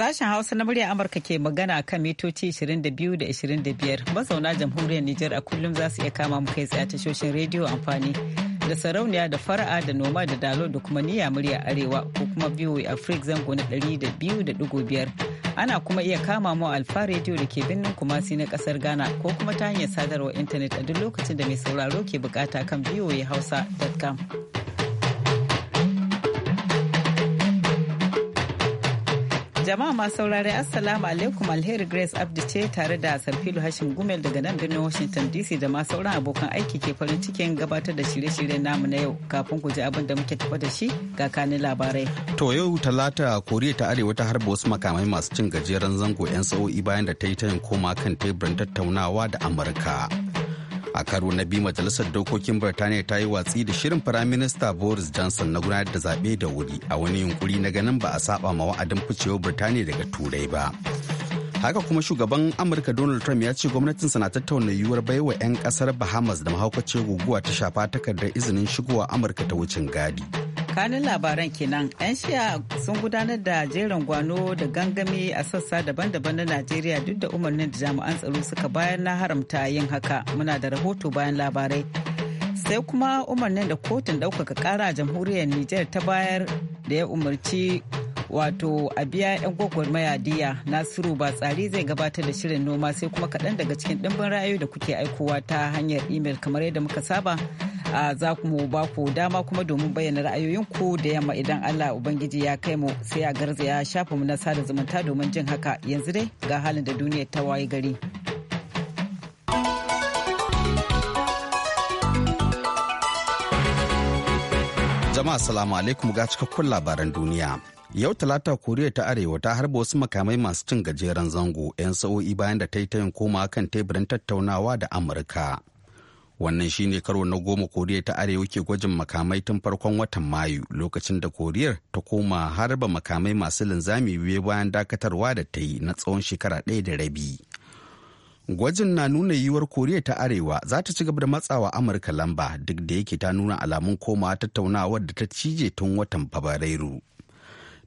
Sashen Hausa na murya Amurka ke magana a kan mitoci 22 da 25 mazauna jamhuriyar Nijar a kullum za su iya kama mu kai tsaye tashoshin rediyo amfani da sarauniya da fara'a da noma da dalo da kuma niyya murya arewa ko kuma a Africa zango na 200.5 ana kuma iya kama mu alfa rediyo da ke birnin Kumasi na kasar Ghana ko kuma ta hanyar sadarwar intanet a duk lokacin da mai sauraro ke bukata kan voahausa.com. Jama'a masu saurare Assalamu alaikum alheri Grace Abdi ce tare da Sarfilu hashin Gumel daga nan birnin Washington DC da ma sauran abokan aiki ke farin cikin gabatar da shirye shirye namu na yau kafin ku ji abin da muke tafa da shi ga kanin labarai. To yau talata Koriya ta Arewa ta harba wasu makamai masu cin gajeren zango 'yan sa'o'i bayan da ta yi tayin koma kan teburin tattaunawa da Amurka. a karo na biyu majalisar dokokin birtaniya ta yi watsi da shirin firaminista boris johnson na gudanar da zaɓe da wuri a wani yunkuri na ganin ba a saba ma wa'adin ficewar birtaniya daga turai ba haka kuma shugaban amurka donald trump ya ce gwamnatinsa na tattauna yiwuwar baiwa 'yan kasar bahamas da mahaukacin guguwa ta shafa takardar izinin shigowa amurka ta wucin gadi kanin labaran kenan 'yan shiya sun gudanar da jerin gwano da gangami a sassa daban-daban na najeriya duk da umarnin da jami'an tsaro suka bayar na haramta yin haka muna da rahoto bayan labarai sai kuma umarnin da kotun ɗaukaka kara a jamhuriyar niger ta bayar da ya umarci wato a biya 'yan gwagwarmaya diya nasiru ba tsari zai gabatar da shirin noma sai kuma kaɗan daga cikin ɗimbin ra'ayoyi da kuke aikowa ta hanyar imel kamar yadda muka saba a za mu ba ku dama kuma domin bayyana ra'ayoyinku da yamma idan allah ubangiji ya kai mu sai a garzaya mu na sada zumunta domin jin haka yanzu dai ga halin da duniyar ta waye gari. jama'a salamu alaikum ga cikakkun labaran duniya Yau Talata Koriya ta Arewa ta harba wasu makamai masu cin gajeren zango 'yan sa'o'i bayan da ta yi tayin koma kan teburin tattaunawa da Amurka. Wannan shine karo na goma Koriya ta Arewa ke gwajin makamai tun farkon watan Mayu lokacin da Koriyar ta koma harba makamai masu linzami biyu bayan dakatarwa da ta yi na tsawon shekara ɗaya da rabi. Gwajin na nuna yiwuwar Koriya ta Arewa za ta ci gaba da matsawa Amurka lamba duk da yake ta nuna alamun komawa tattaunawar da ta cije tun watan Fabrairu.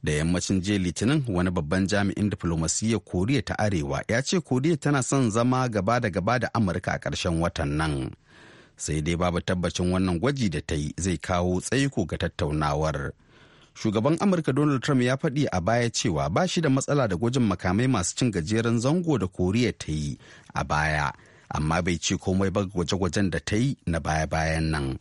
da yammacin jiya litinin wani babban jami'in diflomasiyyar koriya ta arewa ya ce koriya tana son zama gaba da gaba da amurka a ƙarshen watan nan sai dai babu tabbacin wannan gwaji da ta yi zai kawo tsaiko ga tattaunawar shugaban amurka donald trump ya faɗi a baya cewa ba shi da matsala da gwajin makamai masu cin gajeren zango da koriya ta yi a baya amma bai ce komai ba gwaje-gwajen da ta yi na baya-bayan nan.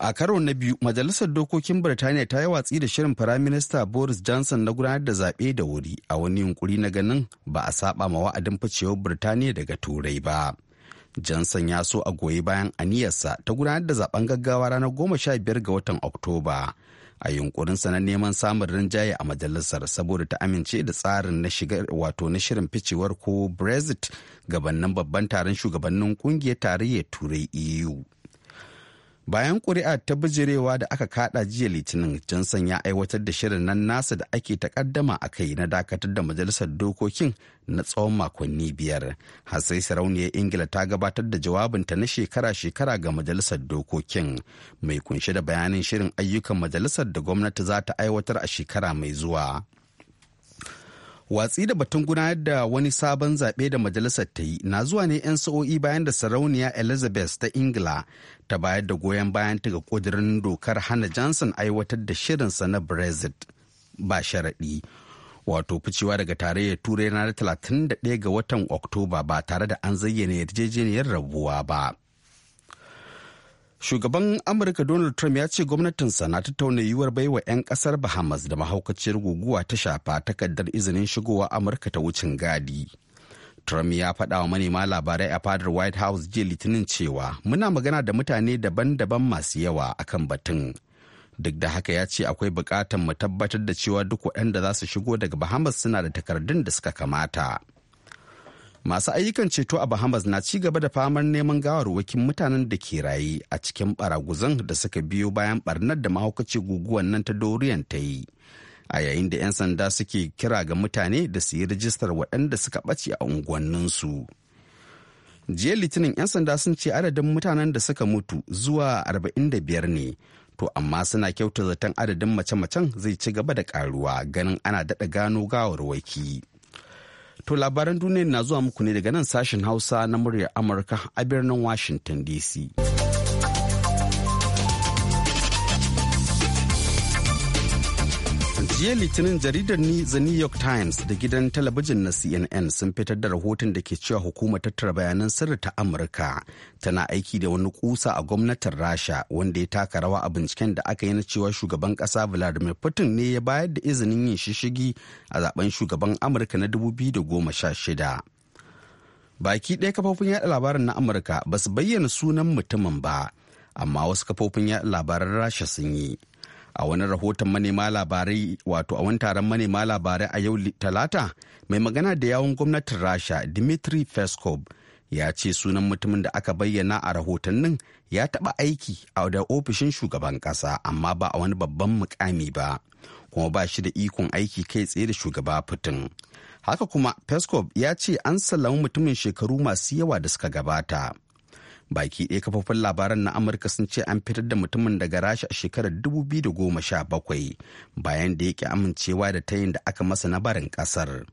a karo na biyu majalisar dokokin birtaniya ta yi watsi da shirin firaminista boris johnson na gudanar da zaɓe da wuri a wani yunkuri na ganin ba a saba ma wa'adin ficewar birtaniya daga turai ba johnson ya so a goyi bayan aniyarsa ta gudanar da zaben gaggawa ranar goma sha biyar ga watan oktoba a yunkurinsa na neman samun rinjaye a majalisar saboda ta amince da tsarin na shigar wato na shirin ficewar ko brexit gabanin babban taron shugabannin kungiyar tarayyar turai eu bayan ƙuri'a ta bijirewa da aka kada jiya litinin johnson ya aiwatar da shirin nan nasa da ake takaddama a kai na dakatar da majalisar dokokin na tsawon makonni biyar har sai sarauniyar ingila ta gabatar da jawabinta na shekara-shekara ga majalisar dokokin mai kunshe da bayanin shirin ayyukan majalisar da gwamnati za ta aiwatar a shekara mai zuwa watsi da batun gudanar da wani sabon zaɓe da majalisar ta yi na zuwa ne 'yan sa'o'i bayan da sarauniya elizabeth ta ingila ta bayar da goyon bayan ta ga ƙudurin dokar hana johnson aiwatar da shirinsa na brexit ba sharaɗi wato ficewa daga tarayyar turai ranar 31 ga watan oktoba ba tare da an zayyana yarjejeniyar rabuwa ba. Shugaban Amurka Donald Trump ya ce gwamnatinsa na tattauna yiwuwar baiwa 'yan kasar Bahamas da mahaukaciyar guguwa ta shafa takardar izinin shigowa Amurka ta wucin gadi. Trump ya faɗa wa manema labarai a fadar White House jiya Litinin cewa muna magana da mutane daban-daban masu yawa akan batun. Duk da haka ya ce akwai buƙatar mu tabbatar da cewa duk waɗanda za su shigo daga Bahamas suna da takardun da suka kamata. masu ayyukan ceto a bahamas na ci gaba da famar neman gawarwakin mutanen da ke raye a cikin baraguzan da suka biyo bayan barnar da mahaukaci guguwan nan ta doriyan ta yi a yayin da 'yan sanda suke kira ga mutane da su yi rijistar waɗanda suka ɓace a unguwanninsu jiya litinin 'yan sanda sun ce adadin mutanen da suka mutu zuwa arba'in da biyar ne to amma suna kyauta zaton adadin mace-macen zai ci gaba da karuwa ganin ana daɗa gano gawarwaki. To labaran duniya na zuwa muku ne daga nan sashen Hausa na muryar Amurka a birnin Washington DC. jiya litinin jaridar the new york times da gidan talabijin na cnn sun fitar da rahoton da ke cewa hukumar tattara bayanan sirri ta amurka tana aiki da wani kusa a gwamnatin rasha wanda ya taka rawa a binciken da aka yi na cewa shugaban kasa vladimir putin ne ya bayar da izinin yin shishigi a zaben shugaban amurka na 2016 baki ɗaya kafofin yaɗa labarin na amurka ba su bayyana sunan mutumin ba amma wasu kafofin yaɗa labaran rasha sun yi a wani rahoton manema labarai wato a wani taron manema labarai a yau talata mai magana da yawon gwamnatin rasha dimitri peskov ya ce sunan mutumin da aka bayyana a rahotannin ya taba aiki a da ofishin shugaban ƙasa amma ba a wani babban mukami ba kuma ba shi da ikon aiki kai tsaye da shugaba fitin haka kuma peskov ya ce an sallami mutumin shekaru masu yawa da suka gabata baki ɗaya kafofin labaran na amurka sun ce an fitar da mutumin daga rasha a shekarar 2017 bayan da yake amincewa da tayin da aka masa na barin ƙasar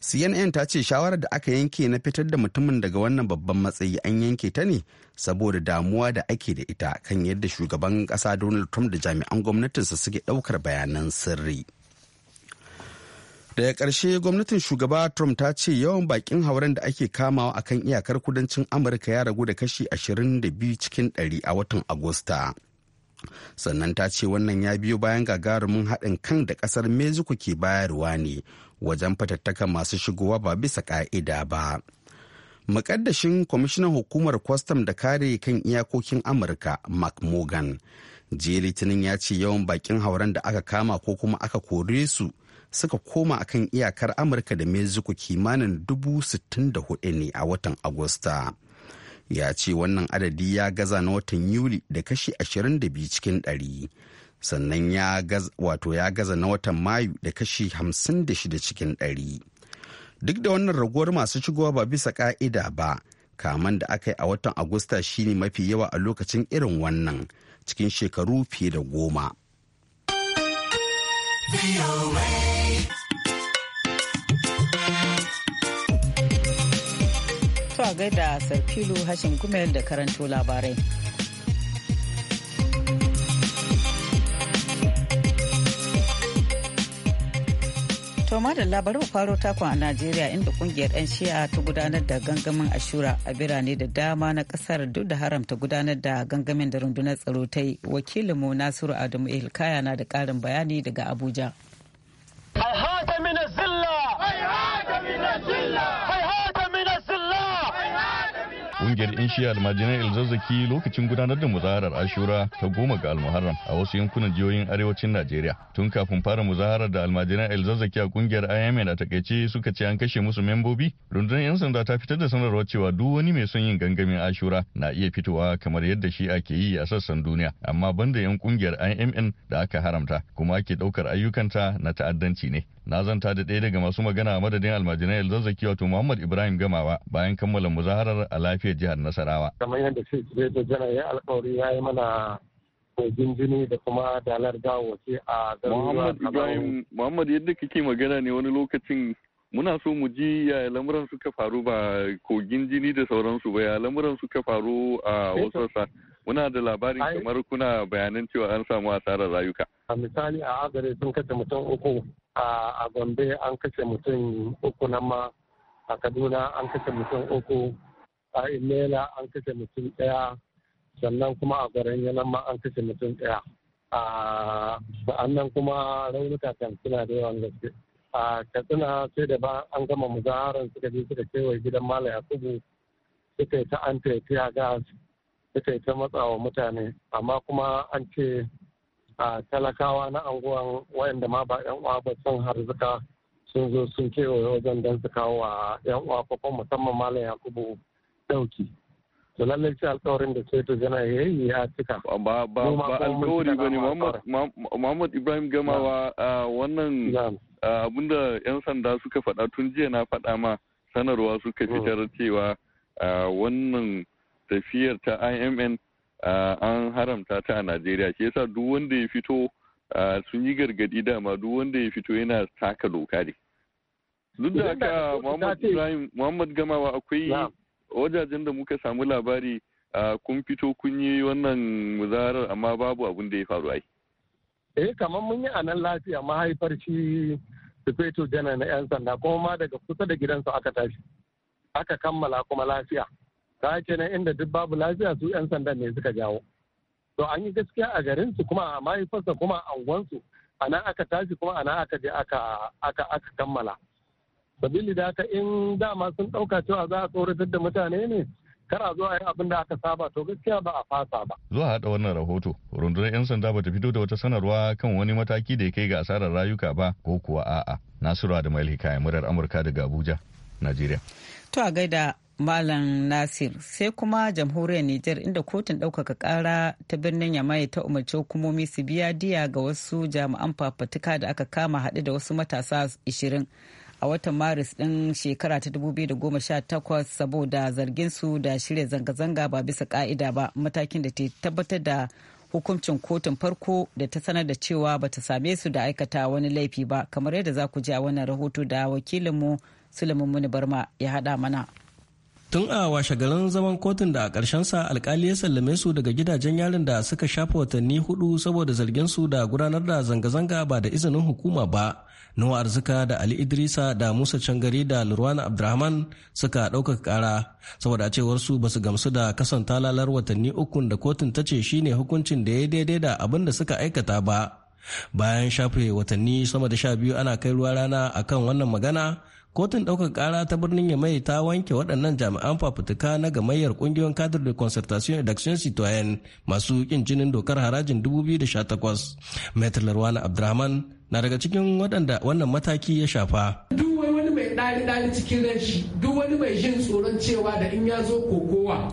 cnn ta ce shawarar da aka yanke na fitar da mutumin daga wannan babban matsayi an yanke ta ne saboda damuwa da ake da ita kan yadda shugaban ƙasa donald trump da jami'an gwamnatinsa suke ɗaukar bayanan sirri. daga ƙarshe gwamnatin shugaba trump ta ce yawan bakin hauren da ake kamawa akan iyakar kudancin amurka ya ragu da kashi 22 cikin 100 a watan agusta sannan ta ce wannan ya biyo bayan gagarumin haɗin kan da ƙasar mexico ke bayarwa ne wajen fatattakan masu shigowa ba bisa ƙa'ida ba Mukaddashin kwamishinan hukumar kwastam da kare kan iyakokin Amurka, Mark Morgan. jiya litinin ya ce yawan bakin hauren da aka kama ko kuma aka kore su suka koma akan iyakar amurka da mexico kimanin dubu hudu ne a watan agusta ya ce wannan adadi ya gaza na watan yuli da kashi 22 cikin 100 sannan ya gaza wato ya gaza na watan mayu da kashi 56 cikin 100 duk da wannan raguwar masu shigowa ba bisa ka'ida ba kaman da aka yi a watan agusta shine mafi yawa a lokacin irin wannan cikin shekaru fiye da goma To gaida Sarfilu hashin Gumel da karanto labarai. To madalla bari mu faro takon a Najeriya inda kungiyar 'yan shi'a ta gudanar da gangamin ashura a birane da dama na kasar duk da haramta gudanar da gangamin da rundunar tsaro ta yi. Wakilinmu Nasiru Adamu Ilkaya na da ƙarin bayani daga Abuja. Kungiyar Inshi almajiran Elzazzaki lokacin gudanar da muzaharar Ashura ta goma ga Almuharram a wasu yankunan jihohin arewacin Najeriya. Tun kafin fara muzaharar da almajiran Elzazzaki a kungiyar IMN a takaice suka ce an kashe musu membobi, rundunar 'yan sanda ta fitar da sanarwar cewa duk wani mai son yin gangamin Ashura na iya fitowa kamar yadda shi ake yi a sassan duniya, amma banda 'yan kungiyar IMN da aka haramta kuma ake ɗaukar ayyukanta na ta'addanci ne. Na zanta da ɗaya daga masu magana a madadin almajiran Elzazzaki wato Muhammad Ibrahim Gamawa bayan kammala muzaharar a lafiyar Yobe jihar Nasarawa. Kamar yadda shi da jana ya alkawari ya yi mana kogin jini da kuma dalar gawace a garuruwa. Muhammad yadda kake magana ne wani lokacin muna so mu ji ya lamuran suka faru ba kogin jini da sauransu ba ya lamuran suka faru a eh, wasu muna da labarin kamar kuna bayanan cewa an samu asarar rayuka. A misali a agare sun kashe mutum uku a gombe an kashe mutum uku nan ma a kaduna an kashe mutum uku a inela an kashe mutum ɗaya sannan kuma a garin yanan ma an kashe mutum ɗaya a sa'annan kuma raunuka kan suna da yawan gaske a katsina sai da ba an gama muzaharar suka je suka kewaye gidan mala yakubu suka yi ta an tafiya gas suka yi ta matsawa mutane amma kuma an ce a talakawa na anguwan wayanda ma ba yan uwa ba sun harzuka sun zo sun kewaye wajen don su kawo wa yan uwa musamman malam yakubu ɗauki to lallai sai alkawarin da sai to ya yi ya cika ba ba alkawari bane Muhammad Ibrahim Gamawa wannan abinda yan sanda suka faɗa tun jiya na faɗa ma sanarwa suka mm. fitar cewa wannan tafiyar ta IMN an haramta ta a Najeriya shi yasa duk wanda ya fito sun yi gargadi dama duk wanda ya fito yana taka doka ne duk da haka Muhammad Ibrahim Muhammad Gamawa akwai wajajen da muka samu labari kun fito kun yi wannan muzarar amma babu abin da ya faru ai. Eh kamar mun yi a nan lafiya mahaifar shi sufeto jana na 'yan sanda kuma ma daga kusa da gidansu aka tashi aka kammala kuma lafiya ta nan inda duk babu lafiya su 'yan sanda ne suka jawo to an yi gaskiya a garinsu su kuma a mahaifarsa kuma a anguwansu a nan aka tashi kuma a nan aka je aka aka kammala sabili da haka in dama sun ɗauka cewa za a tsoratar da mutane ne kar a zo a yi abin da aka saba to gaskiya ba a fasa ba. Zuwa haɗa wannan rahoto, rundunar 'yan sanda bata fito da wata sanarwa kan wani mataki da ya kai ga asarar rayuka ba ko kuwa a'a. Nasiru Adamu Hikaya, murar Amurka daga Abuja, Najeriya. To a gaida Malam Nasir sai kuma jamhuriyar Nijar inda kotun ɗaukaka ƙara ta birnin Yamai ta umarci hukumomi su biya diya ga wasu jami'an fafatuka da aka kama haɗu da wasu matasa 20. a watan maris ɗin shekara ta 2018 saboda zarginsu da shirya zanga-zanga ba bisa ka'ida ba matakin da ta tabbatar da hukuncin kotun farko da ta sanar da cewa ba ta same su da aikata wani laifi ba kamar yadda za ku ji a wannan rahoto da wakilinmu sulaiman muni barma ya haɗa mana tun a garin zaman kotun da a sa alkali ya sallame su daga gidajen yarin da suka shafa watanni hudu saboda zargin su da gudanar da zanga-zanga ba da izinin hukuma ba Nuwa Arzika da Ali Idrisa da Musa Cangari da Lurwana Abdurrahman suka ɗaukaka kara saboda cewar su basu gamsu da kasan talalar watanni ukun da kotun ta ce shine hukuncin da ya daidai da abin da suka aikata ba. Bayan shafe watanni sama da sha biyu ana kai ruwa rana akan wannan magana kotun ɗaukar ƙara ta birnin yamai ta wanke waɗannan jami'an fafutuka na gamayyar ƙungiyoyin kadar de concertation et d'action citoyenne masu ƙin jinin dokar harajin 2018 maitre larwana abdurrahman na daga cikin waɗanda wannan mataki ya shafa duk wani mai ɗari ɗari cikin ranshi duk wani mai jin tsoron cewa da in ya zo kokowa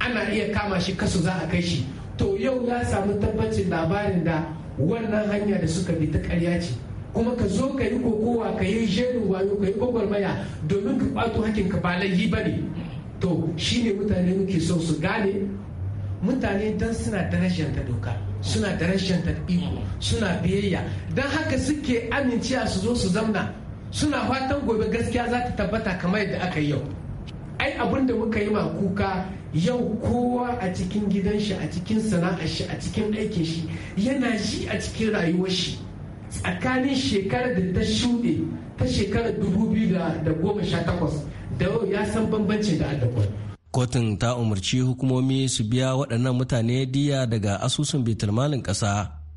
ana iya kama shi kasu za a kai shi to yau ya samu tabbacin labarin da wannan hanya da suka bi ta ƙarya ce kuma ka zo ka yi kokowa ka yi jerin wayo ka yi gwagwarmaya domin ka ɓato ka ba laifi ba ne to shi ne mutane muke so su gane mutane don suna ta doka suna ta iko suna biyayya don haka suke amincewa su zo su zamna suna fatan gobe gaskiya za ta tabbata kamar yadda aka yi yau ai abin da muka yi ma kuka yau kowa a cikin gidan shi a cikin sana'ar shi a cikin aikin shi yana ji a cikin rayuwar shi tsakanin shekarar da ta shuɗe ta shekarar 2018 da yau ya san bambanci da adakwai. kotun ta umarci hukumomi su biya waɗannan mutane diya daga asusun bitulmalin ƙasa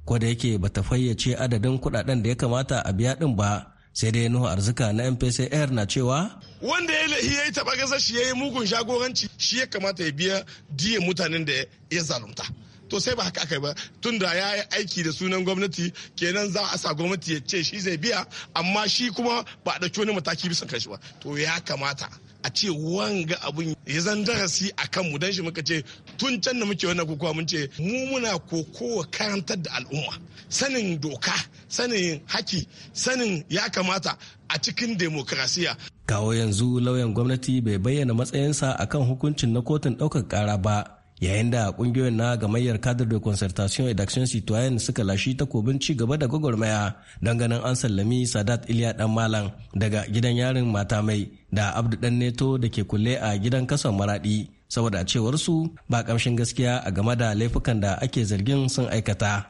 ko da yake bata fayyace adadin kuɗaɗen da ya kamata a biya ɗin ba sai dai nuhu arzika na mpc air na cewa wanda ya lahi ya yi taɓa gasa shi ya yi mugun shagoranci shi ya kamata ya biya diya mutanen da ya zalunta to sai ba haka yi ba tunda ya yi aiki da sunan gwamnati kenan za a sa gwamnati ya ce shi zai biya amma shi kuma ba a ɗauki wani mataki bisa shi ba to ya kamata a ce wanga abun ya zan darasi a kanmu don shi muka ce tun can da muke wannan kokowa mun ce mu muna kokowa karantar da al'umma sanin doka sanin haki sanin ya kamata a cikin demokrasiya kawo yanzu lauyan gwamnati bai bayyana matsayinsa akan hukuncin na kotun ɗaukar ƙara ba yayin da kungiyoyin na gamayyar cadre de concertation et d'action citoyenne suka lashi takobin ci gaba da gwagwarmaya don ganin an sallami sadat iliya dan malam daga gidan yarin mata mai da abdu dan neto da ke kulle a gidan kasan maradi saboda a cewar su ba kamshin gaskiya a game da laifukan da ake zargin sun aikata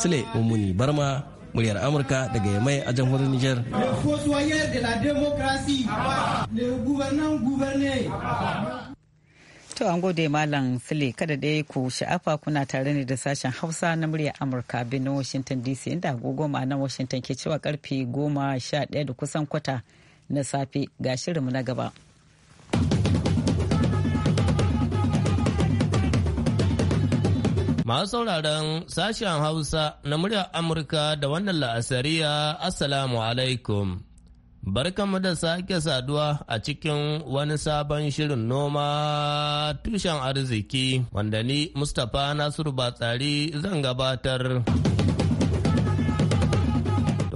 sule mummuni barma muryar amurka daga yamai a jamhuriyar niger To an gode Malam Sule kada dai ku sha'afa kuna tare ne da sashen Hausa na murya Amurka birnin Washington DC inda agogo ma'anar Washington ke cewa karfe goma sha ɗaya da kusan kwata na safe ga shirinmu na gaba. Masu sauraron sashen Hausa na murya Amurka da wannan la'asariya Assalamu alaikum. Barkanmu da sake saduwa a cikin wani sabon shirin noma tushen arziki wanda ni Mustapha Nasiru Batsari zan gabatar.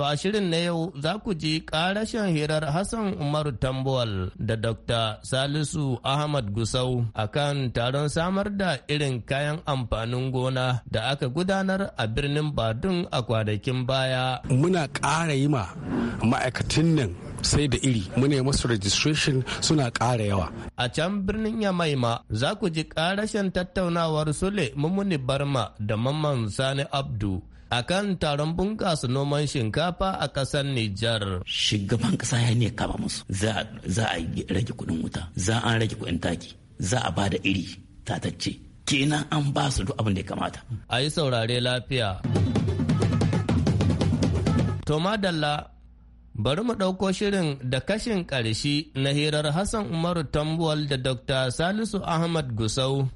To a shirin na yau za ku ji ƙarashin hirar Hassan Umaru Tambuwal da Dr. Salisu Ahmad Gusau a kan taron samar da irin kayan amfanin gona da aka gudanar a birnin Badun a kwanakin baya. Muna ƙara yi ma ma'aikatan nan sai da iri muna masu registration suna ƙara yawa. A can birnin Yamaima za ku ji ƙarashin tattaunawar Sule Mumuni Barma da Mamman Sani Abdu akan taron bunƙasa noman shinkafa a ƙasar Nijar. Shugaban ƙasa ya ne kama musu za a rage kuɗin wuta za a rage kuɗin taki za a ba da iri tatacce kenan an ba su duk abin da ya kamata. A yi saurare lafiya. To madalla bari mu ɗauko shirin da kashin ƙarshe na hirar Hassan Umaru Tambuwal da Dr. Salisu Ahmad Gusau.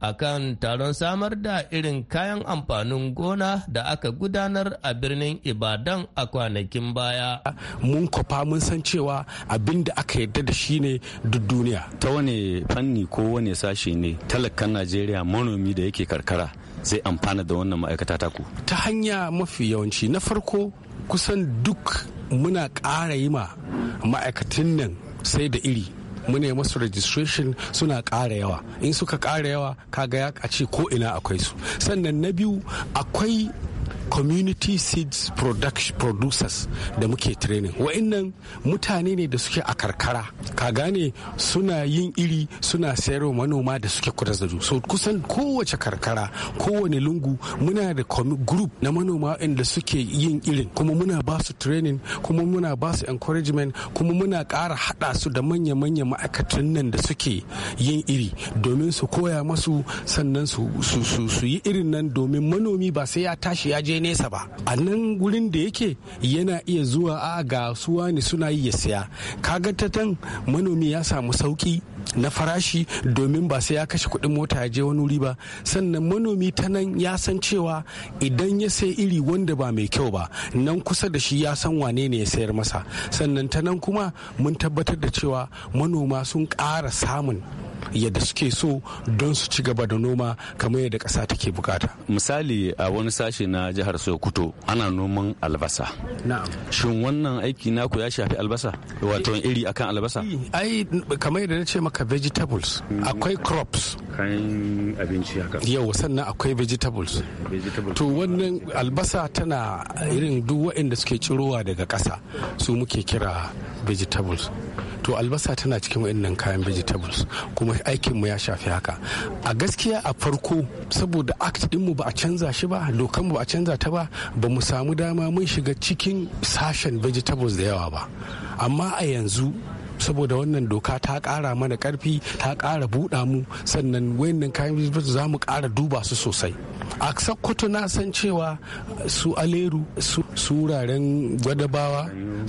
a kan taron samar da irin kayan amfanin gona da aka gudanar a birnin ibadan a kwanakin baya mun kwafa mun san cewa abin da aka yarda da shi ne duk duniya ta wani fanni ko wani sashi ne talakan najeriya manomi da yake karkara zai amfana da wannan ma'aikata taku ta hanya mafi yawanci na farko kusan duk muna ƙara yi ma ma'aikatan nan sai da iri mune masu registration suna ƙara yawa in suka ƙara yawa kaga ya a ce ko ina akwai su sannan na biyu akwai community seeds producers da muke training wa'annan mutane ne da suke a karkara ka gane suna yin iri suna sayarwa manoma da suke kudas da so kusan kowace karkara kowane lungu muna da group na manoma inda suke yin irin kuma muna ba su training kuma muna ba su encouragement kuma muna kara haɗa su da manya-manya ma'aikatan nan da suke yin iri domin su koya masu sannan su yi irin nan domin manomi ba sai ya tashi ya je je nesa ba a nan gurin da yake yana iya zuwa a ga suwa ne suna yi ya siya kaga tatan manomi ya samu sauki na farashi domin ba sai ya kashe kuɗin mota ya je wani wuri ba sannan manomi ta nan ya san cewa idan ya sai iri wanda ba mai kyau ba nan kusa da shi ya san wane ne ya sayar masa sannan ta nan kuma mun tabbatar da cewa manoma sun ƙara samun yadda suke so don su ci gaba da noma kamar yadda ƙasa take bukata misali a wani sashe na jihar sokoto ana noman albasa na'am shin wannan aiki naku ya shafi albasa wato iri akan albasa eh, ai kamar yadda na ce maka vegetables mm. akwai crops kayan abinci haka yau sannan akwai vegetables to wannan albasa tana irin duk waɗanda suke cirowa daga ƙasa su muke kira vegetables to albasa tana cikin wa'annan kayan vegetables kuma aikinmu ya shafi haka a gaskiya a farko saboda act din ba a canza shi ba dokan mu ba a canza ta ba ba mu samu dama mun shiga cikin sashen vegetables da yawa ba amma a yanzu saboda wannan doka ta kara mana karfi ta kara buɗa mu sannan wayannan kayan birnin za mu kara duba su sosai a sakkwato na san cewa su aleru su wuraren gwadabawa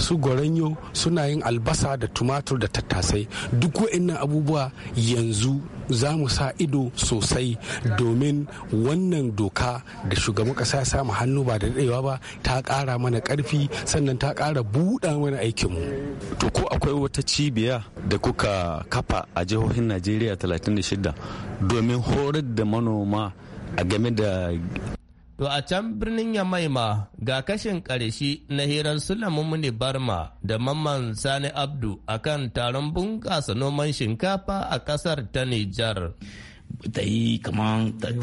su goranyo suna yin albasa da tumatur da tattasai duk wayannan abubuwa yanzu za mu sa ido sosai domin wannan doka da shugaban kasa ya samu hannu ba da daɗewa ba ta ƙara mana ƙarfi sannan ta ƙara buɗa mana aikinmu. To ko akwai wata cibiya da kuka kafa a jihohin Najeriya 36 domin horar da manoma a game da To a can birnin Yamaima ga kashin ƙarshe na hirar Sulamun Barma da Mamman Sani Abdu a kan taron bunƙasa noman shinkafa a ƙasar ta Nijar. Ta yi kaman ta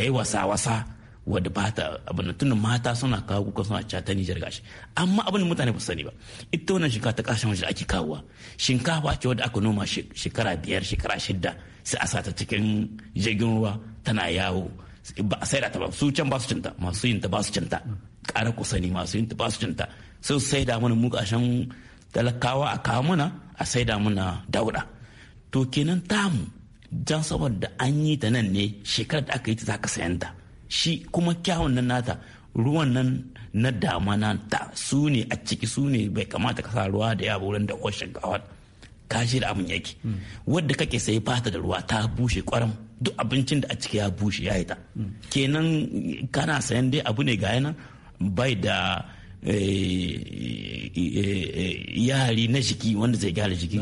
yi wasa-wasa wadda ba ta abin tunan mata suna kawo kuka suna ca ta Nijar gashi. Amma abin da mutane ba su sani ba. Ita wannan shinkafa ta ƙasashen waje ake kawowa. Shinkafa ce wadda aka noma shekara biyar shekara shidda sai a sata cikin jirgin ruwa tana yawo. ba a saida ta ba su can ba su cinta masu yin ta ba su cinta ƙara kusani masu yin ta ba su cinta sai saida mana mu ƙashen talakawa a kawo mana a saida mana dauda to kenan tamu jan saboda an yi ta nan ne shekarar da aka yi ta za ka sayan ta shi kuma kyawun nan nata ruwan nan na damana ta su ne a ciki su ne bai kamata ka sa ruwa da yawa wurin da kwashin kawar kashi da abin yake hmm. wadda kake sai fata da ruwa ta bushe kwaram duk abincin da a ciki ya bushe ya yi ta kenan kana sayan dai abu ne gaya nan bai da eh, eh, eh, yari na jiki wanda zai gyara jiki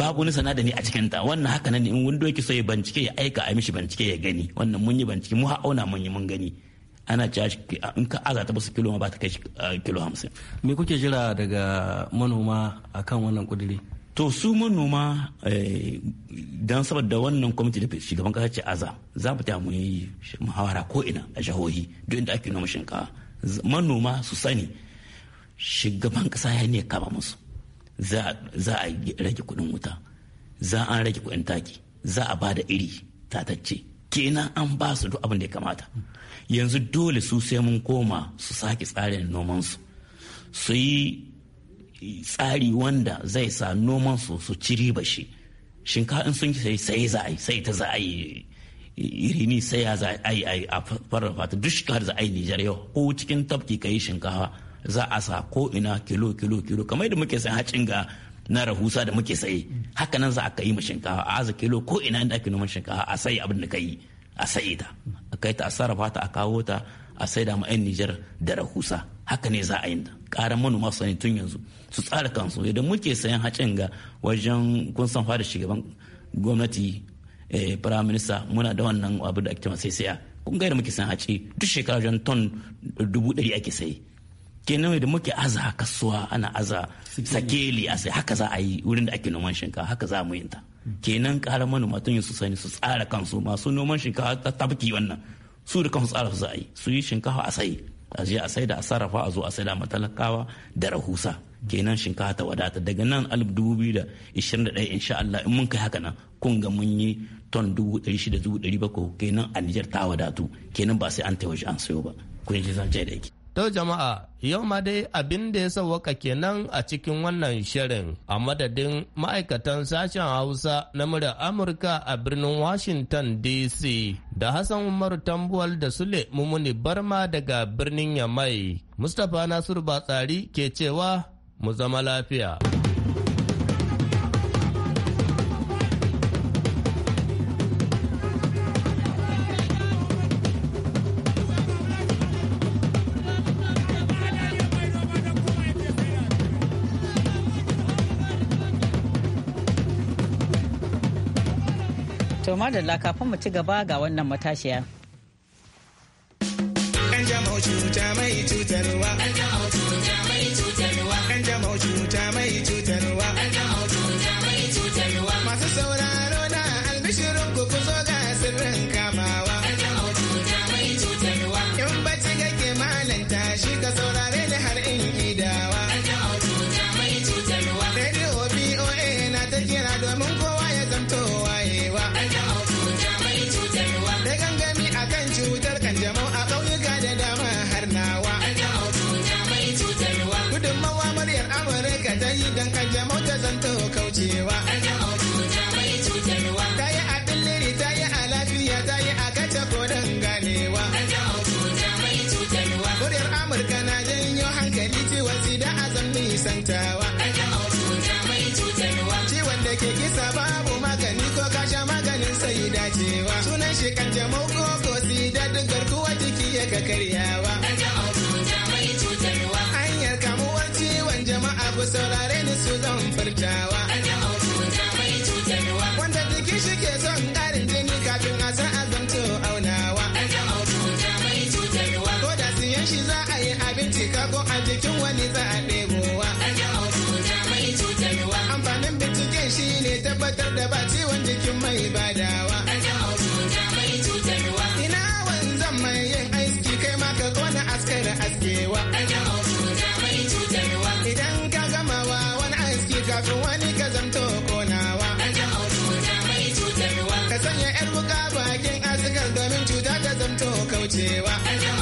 babu wani sanadari a cikin ta wannan haka nan in wanda yake so ya bincike ya aika a mishi bincike ya gani wannan mun yi bincike mu ha'auna mun yi mun gani ana cewa in ka aza ta basu kilo ma ba ta kai ah, kilo hamsin me kuke jira daga manoma akan wannan kudiri? to su manoma eh, don saboda wannan kwamiti da shugaban kasa ce aza za mu ta mu yi muhawara ko ina a jihohi duk inda ake noma shinkafa manoma su sani shugaban kasa ya ne kama musu za a rage kuɗin wuta za a rage kuɗin taki za a ba da iri tatacce kenan an ba su duk abin da ya kamata yanzu dole su sai mun koma su sake tsarin nomansu su yi tsari wanda zai sa noman su su ci riba shi shinkafa in sun sai sai za a yi sai ta za a yi irini sai ya za a yi a farrafa fata duk shekar za a yi Nijar yau ko cikin tafki ka yi shinkafa za a sa ko ina kilo kilo kilo kamar yadda muke sai hacin ga na rahusa da muke saye haka nan za a kai ma shinkafa a aza kilo ko ina da ake noman shinkafa a sai abin da ka yi a sai ta a kai ta a sarrafa ta a kawo ta a sai da ma'ayin Nijar da rahusa haka ne za a yi ta karan manoma sani tun yanzu su tsara kansu idan muke sayan hacin ga wajen kun san fara shugaban gwamnati eh, prime minister muna da wannan abu da ake sai saya kun ga muke sayan haci duk shekara wajen ton dubu ɗari ake sayi kenan da muke aza kasuwa ana aza sakeli a sai haka za a yi wurin da ake noman shinkafa haka za mu yin ta kenan karan manoma tun yanzu sani su tsara kansu masu noman shinkafa ta tabki wannan su da kansu tsara su za a yi su yi shinkafa a sayi a je a saida a sarrafa a zo a saida matalakawa da rahusa kenan shinkafa ta wadata daga nan alif dubu biyu da da ishirin ɗaya insha Allah in mun kai haka nan kun ga mun yi ton dubu dubu shida bakwai kenan a Nijar ta wadatu kenan ba sai an taimaki an sayo ba kun ji zance da yake To jama'a yau ma dai abin da ya sauwaka kenan a cikin wannan shirin a madadin ma'aikatan sashen Hausa na murar Amurka a birnin Washington DC da Hassan Umar Tambuwal da Sule Mumuni Barma daga birnin Yamai. Mustapha Nasiru Batsari ke cewa mu zama lafiya. madalla kafin mu ci gaba ga wannan matashiya. Ƙanjamau cuta mai cutarwa. Ƙanjamau cuta sai ka ce mauko garkuwa jiki ya ka karyawa. Hanyar kamuwar ciwon jama'a ku saurare ni su zan furtawa. Wanda jiki shi ke son ƙarin jini kafin a san azamto aunawa. Ko da siyan shi za a yi abinci ka ko a jikin wani za a ɗebowa. Amfanin binciken shi ne tabbatar da ba ciwon jikin mai badawa. idan ka gama wa wani aski kafin wani ka zamto konawa ka sanya yar buga bakin asikar domin cuta ta zamto kaucewa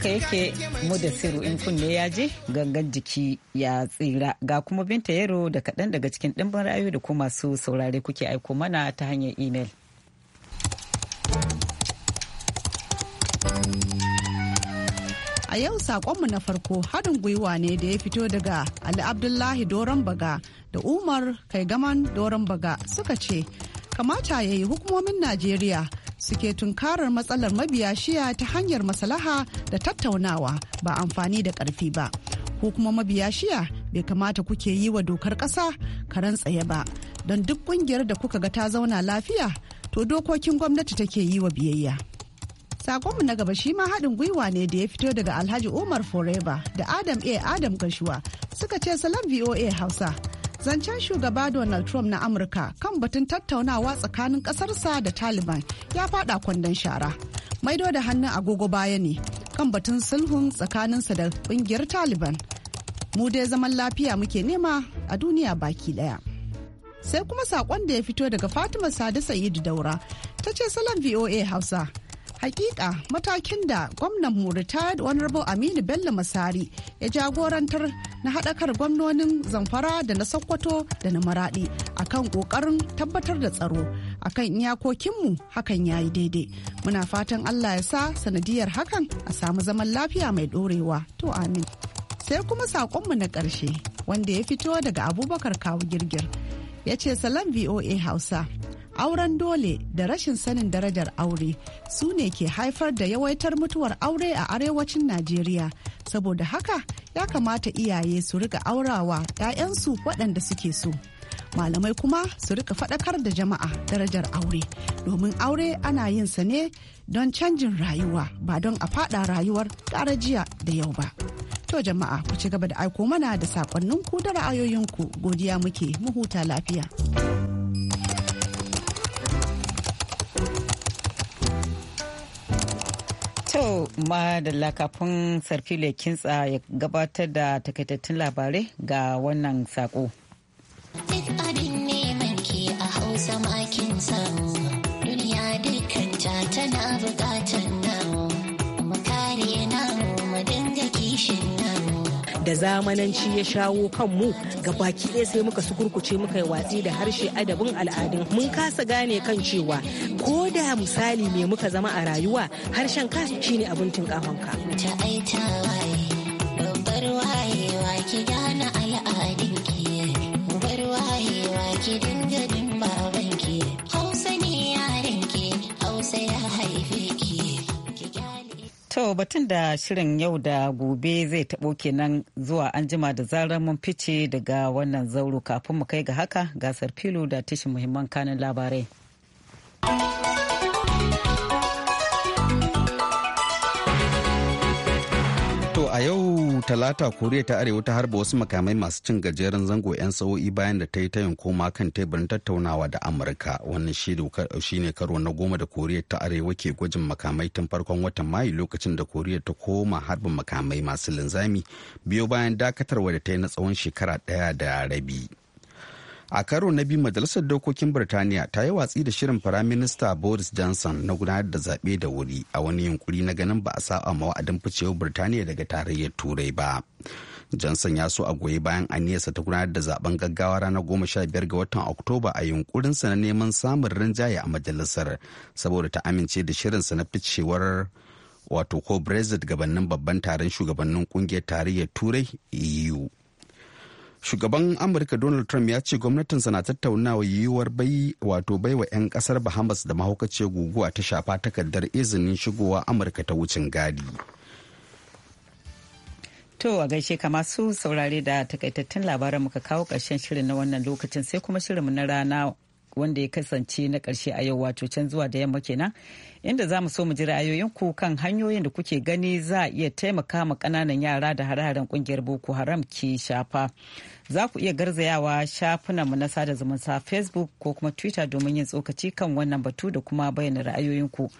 haka yake mu da siru in kunne ya je gangan jiki ya tsira ga kuma binta yaro da kaɗan daga cikin ɗimbin rayu da kuma masu saurare kuke aiko mana ta hanyar imel. A yau saƙonmu na farko haɗin gwiwa ne da ya fito daga Ali Abdullahi Doron Baga da Umar kai Kaigaman Doron Baga suka ce, kamata ya yi hukumomin Najeriya suke tunkarar matsalar mabiya shiya ta hanyar maslaha da tattaunawa ba amfani da ƙarfi ba ko kuma mabiya shiya bai kamata kuke yi wa dokar ƙasa karan tsaye ba don duk ƙungiyar da kuka ga ta zauna lafiya to dokokin gwamnati take yi wa biyayya. Sakonmu na gaba shi ma haɗin gwiwa ne da ya fito daga Alhaji Umar Forever da Adam A. Adam Gashuwa suka ce salam VOA Hausa. zancen shugaba donald trump na amurka kan batun tattaunawa tsakanin kasarsa da taliban ya fada kwandon shara maido da hannun agogo baya ne kan batun sulhun tsakaninsa da kungiyar taliban mu dai zaman lafiya muke nema a duniya baki daya sai kuma saƙon da ya fito daga fatima sadi sa'idu daura ta ce salon voa hausa hakika matakin da gwamnan mu wani honorable aminu bello masari ya jagorantar na haɗakar gwamnonin zamfara da na sokoto da na maraɗi kan ƙoƙarin tabbatar da tsaro a kan iyakokinmu hakan ya yi daidai muna fatan allah ya sa sanadiyar hakan a samu zaman lafiya mai ɗorewa to amin sai kuma saƙonmu na ƙarshe wanda ya fito daga abubakar kawu girgir ya ce salam voa hausa auren dole da rashin sanin darajar aure su ne ke haifar da yawaitar mutuwar aure a arewacin najeriya saboda haka ya kamata iyaye su rika aurawa 'ya'yansu waɗanda suke so malamai kuma su rika faɗakar da jama'a darajar aure domin aure ana yin sa ne don canjin rayuwa ba don a faɗa rayuwar jiya da yau ba to jama'a ku ci gaba da aiko mana da ku da ra'ayoyinku godiya muke mu huta lafiya. To, da lakafin sarfile kintsa ya gabatar da takaitattun labarai ga wannan sako. da zamananci ya shawo kanmu ga baki ɗaya sai muka sukurkuce muka yi watsi da harshe adabin al'adun mun kasa gane kan cewa ko da misali me muka zama a rayuwa harshen ka shine abin kafanka. To batun da shirin yau da gobe zai taɓo kenan zuwa anjima da zarar mun fice daga wannan zauro kafin mu kai ga haka gasar filo da tashin muhimman kanin labarai. To a yau talata koriya ta arewa ta harba wasu makamai masu cin gajeren zango 'yan sa'o'i bayan da ta yi tayin koma kan teburin tattaunawa da amurka wannan shi ne karo na goma da koriya ta arewa ke gwajin makamai tun farkon watan mayu lokacin da koriya ta koma harbin makamai masu linzami biyo bayan dakatarwa da ta yi na tsawon shekara ɗaya da rabi. a karo na biyu majalisar dokokin birtaniya ta yi watsi da shirin firaminista boris johnson na gudanar da zaɓe da wuri a wani yunkuri na ganin ba a saba ma wa'adin ficewar birtaniya daga tarayyar turai ba johnson ya so a goyi bayan aniyarsa ta gudanar da zaben gaggawa ranar goma sha biyar ga watan oktoba a yunkurinsa na neman samun rinjaye a majalisar saboda ta amince da shirinsa na ficewar wato ko brexit gabanin babban taron shugabannin kungiyar tarayyar turai eu shugaban amurka donald trump ya ce gwamnatinsa na tattaunawa yiwuwar bai wato baiwa 'yan kasar bahamas da mahaukaci guguwa ta shafa takardar izinin shigowa amurka ta wucin gadi to a gaishe ka masu saurare da takaitattun labaran muka kawo ƙarshen shirin na wannan lokacin sai kuma shirinmu na rana wanda ya kasance na karshe a yau wato can zuwa da yamma kenan inda za mu so mu ji ra'ayoyinku kan hanyoyin da kuke gani za a iya taimaka ma kananan yara da hare-haren kungiyar boko haram ke shafa za ku iya garzayawa shafinanmu na sada zumunta facebook ko kuma twitter domin yin tsokaci kan wannan batu da kuma bayyana ra'ayoyinku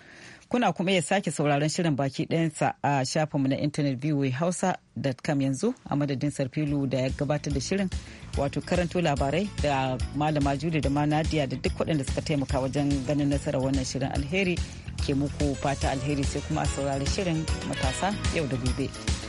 kuna kuma iya sake sauraron shirin baki ɗayansa a shafinmu na intanet voahausa.com yanzu a madadin sarfilu da ya gabatar da shirin wato karanto labarai da malama juli da ma nadiya da duk waɗanda suka taimaka wajen ganin nasara wannan shirin alheri ke muku fata alheri sai kuma a saurari shirin matasa yau da gobe.